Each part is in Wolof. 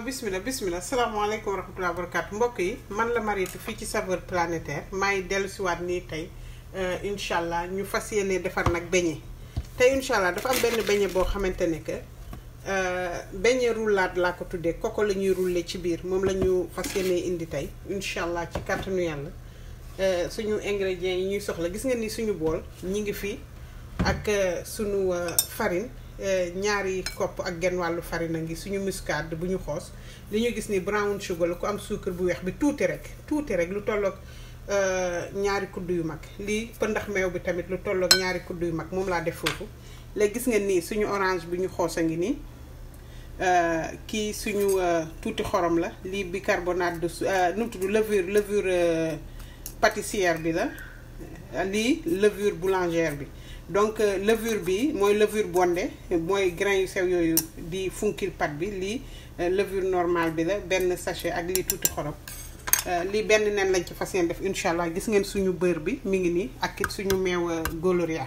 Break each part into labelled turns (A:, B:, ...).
A: bismillah bismillah salaamaaleykum wa rahmatulah barakaatu mbokk yi man la Mariétou fii ci saveur planétaire maay dellu siwaat nii tey euh, incha allah ñu fas yéene defar nag beñe tey incha allah dafa am benn beñe boo xamante ne que euh, beñe roulade laa ko tuddee koko la ñuy rouler ci biir moom la ñu fas yéene indi tey incha allah ci kàttanu yàlla euh, suñu ingrédients yi ñuy soxla gis nga ni suñu bool ñu ngi fii ak suñu farine. Eh, ñaari kopp ak genn wàllu farine ngi suñu muscade bu ñu xoos li ñu gis ni brown sugar la ku am suukar bu weex bi tuuti rek tuuti rek lu tolloog eh, ñaari kudd yu mag lii ndax meew bi tamit lu tollook ñaari kudd yu mag moom laa def foofu léegi gis ngeen nii suñu orange bu ñu xoos a ngi nii eh, kii suñu tuuti xorom la lii bicarbonate de nu mu tudd levure levure pâtissière bi la li euh, levure boulangère bi donc euh, levure bi moy levure bondé moy grain yu sew yooyu di funkil pat bi li euh, levure normal bi la ben sachet ak li tuuti xorop li ben nen lañ ci fas def inshallah gis ngeen suñu beurre bi mi ngi ni ak it suñu mew Gloria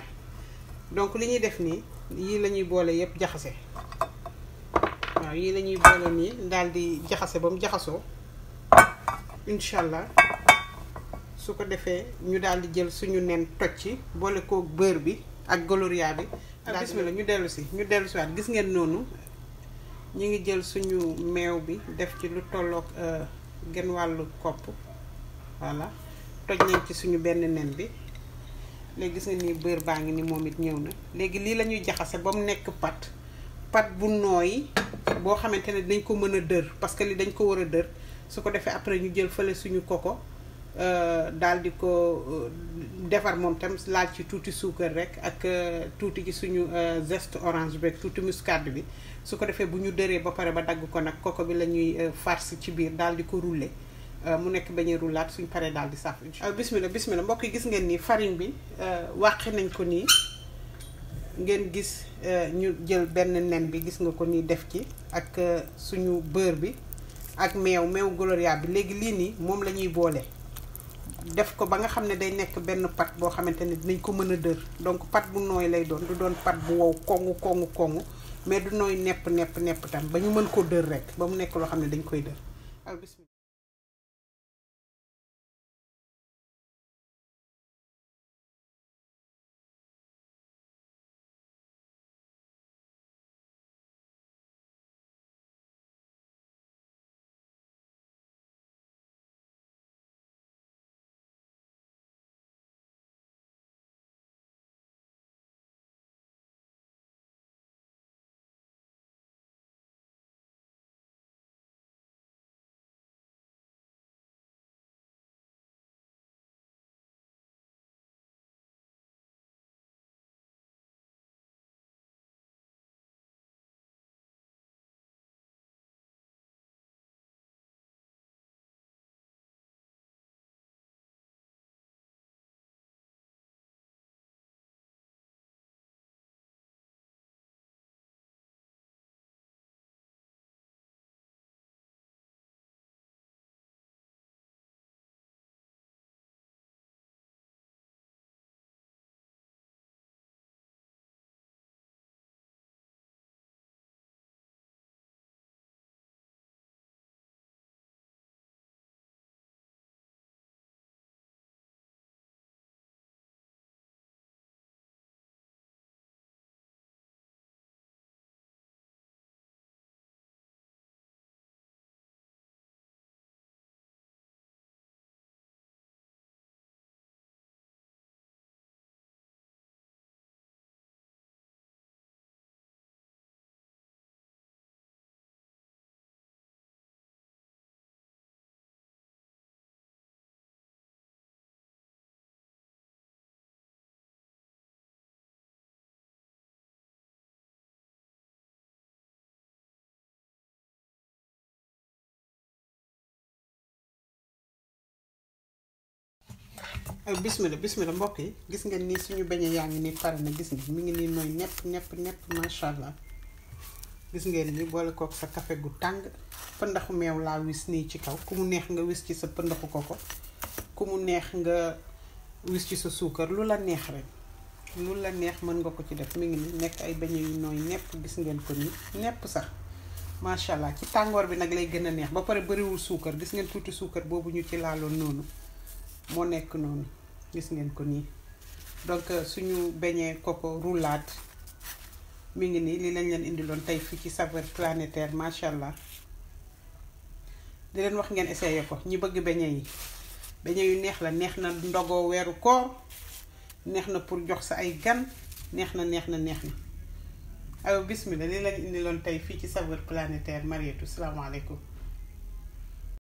A: donc li ñuy def ni yi lañuy bolé yépp jaxassé jaxase waaw yii la ñuy ni nii daal di jaxase ba mu jaxasoo su ko defee ñu daal di jël suñu nen toj ci boole koog bër bi ak gloria bi. ak ah, bismillah ñu dellu si ñu dellu si gis ngeen noonu ñu ngi jël suñu meew bi def ci lu tolloog euh, genn wàllu kopp voilà toj nañ ci suñu benn nen bi léegi gis nga ni bër baa ngi ni moom it ñëw na léegi lii la ñuy jaxase ba mu nekk pat pat bu nooy boo xamante ne dañ ko mën a dër parce que li dañ ko war a dër su ko defee après ñu jël fële suñu koko. Euh, daal di ko euh, defar moom tam laal ci tuuti suukar rek ak euh, tuuti ci suñu zeste orange bi rek tuuti muscade bi su ko defee bu ñu dëree ba pare ba dagg ko nag koko bi la ñuy farce ci biir daal di ko rouler mu nekk bañ a roulaat daal di saf incha allah bismillah bismillah mbokk yi ngeen ni farine bi wàqi nañ ko nii ngeen gis ñu jël benn nen bi gis nga ko nii def ci ak suñu beurre bi ak meew meew gloria bi léegi lii nii moom la ñuy boole. def ko ba nga xam ne day nekk benn pat boo xamante ne dinañ ko mën a dër donc pat bu nooy lay doon du doon pat bu wow kongu kongu kongu mais du nooy nepp nepp nepp tam ba ñu mën ko dër rek ba mu nekk loo xam ne dañ koy dër Eh, bismillah bismillah mbokk yi gis ngeen ni suñu beñe yaa ngi ni pare na gis nga mi ngi ni nooy nepp nepp nepp macha allah gis ngeen ni boole kook sa café gu tàng pëndaxu meew laa wis nii ci kaw ku mu neex nga wis ci sa pëndaxu koko ku mu neex nga wis ci sa suukar lu la neex rek lu la neex mën nga ko ci def mi ngi ni nekk ay beñe yu nooy nepp gis ngeen ko ni nepp sax macha allah ci tàngoor bi nag lay gën neex ba pare bëriwul suukar gis ngeen tuuti suukar boobu ñu ci laaloon noonu moo nekk noonu gis ngeen ko nii donc euh, suñu beñee koko roulade mu ngi nii lii lañ leen indiloon tey fii ci saveur planétaire macha allah di leen wax ngeen essayé ko ñi bëgg beñe yi beñe yu neex la neex na ndogo weeru koor neex na pour jox sa ay gan neex na neex na neex na ayo bismillah lii lañ indiloon tey fii ci saveur planétaire Marietou salaamaaleykum